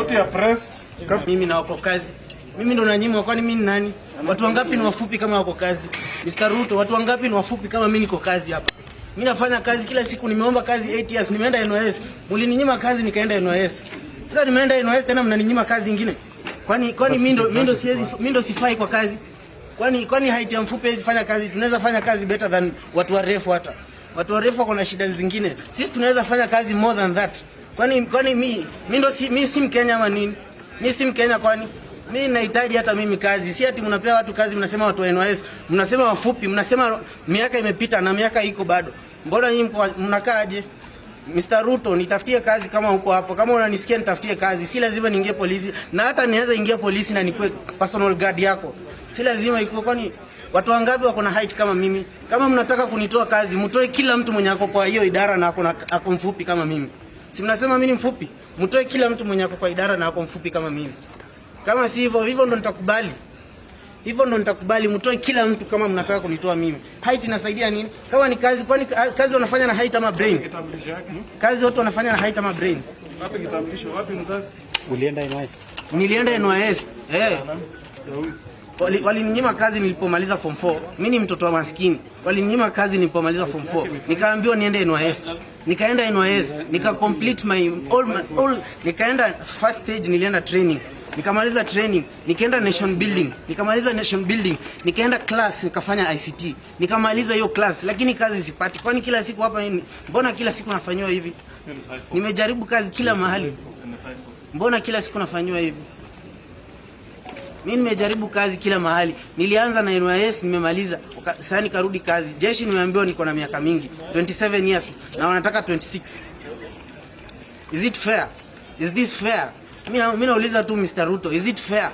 Mtu ya press. Mimi na wako kazi. Mimi ndo nanyimwa kwani mimi nani? Watu wangapi ni wafupi kama wako kazi? Mr. Ruto, watu wangapi ni wafupi kama mimi niko kazi hapa? Mimi nafanya kazi kila siku, nimeomba kazi 8 years, nimeenda NYS. Mlininyima kazi nikaenda NYS. Sasa nimeenda NYS tena mnaninyima kazi nyingine. Kwani kwani mimi ndo mimi ndo siwezi mimi ndo sifai kwa kazi? Kwani kwani haiti ya mfupi hizi fanya kazi, tunaweza fanya kazi better than watu warefu hata. Watu warefu wako na shida zingine. Sisi tunaweza fanya kazi more than that. Kwani kwani mi mi ndo si mi si Mkenya ama nini? Mi si Mkenya kwani? Mi nahitaji hata mimi kazi. Si ati mnapea watu kazi, mnasema watu wa NYS, mnasema wafupi, mnasema miaka imepita na miaka iko bado. Mbona nyinyi mnakaaje? Mr. Ruto, nitafutie kazi kama huko hapo. Kama unanisikia nitafutie kazi. Si lazima niingie polisi na hata niweza ingia polisi na nikuwe personal guard yako. Si lazima ikuwe kwani watu wangapi wako na height kama mimi? Kama mnataka kunitoa kazi, mtoe kila mtu mwenye ako kwa hiyo idara na ako mfupi kama mimi. Si mnasema mimi ni mfupi? Mtoe kila mtu mwenye ako kwa idara na ako mfupi kama mimi. Kama si hivyo, hivyo ndo nitakubali. Hivyo ndo nitakubali, mtoe kila mtu kama mnataka kunitoa mimi. Height inasaidia nini? Kama ni kazi, kwani kazi wanafanya na height ama brain? Hmm? Kazi watu wanafanya na height ama brain? Wapi kitambulisho? Wapi mzazi? Ulienda NYS? Nilienda NYS. Eh walininyima wali kazi nilipomaliza form 4. Mimi ni mtoto wa maskini, walininyima kazi nilipomaliza form 4, nikaambiwa niende NYS nikaenda NYS nika complete my all, my, all nikaenda first stage, nilienda training nikamaliza training, nikaenda nation building, nikamaliza nation building, nikaenda class, nikafanya ICT, nikamaliza hiyo class, lakini kazi sipati. Kwani kila siku hapa nini? Mbona kila siku nafanywa hivi? Nimejaribu kazi kila mahali, mbona kila siku nafanywa hivi? Mimi nimejaribu kazi kila mahali. Nilianza na NYS nimemaliza. Sasa nikarudi kazi. Jeshi nimeambiwa niko na miaka mingi, 27 years na wanataka 26. Is it fair? Is this fair? Mimi mimi nauliza tu Mr. Ruto, is it fair?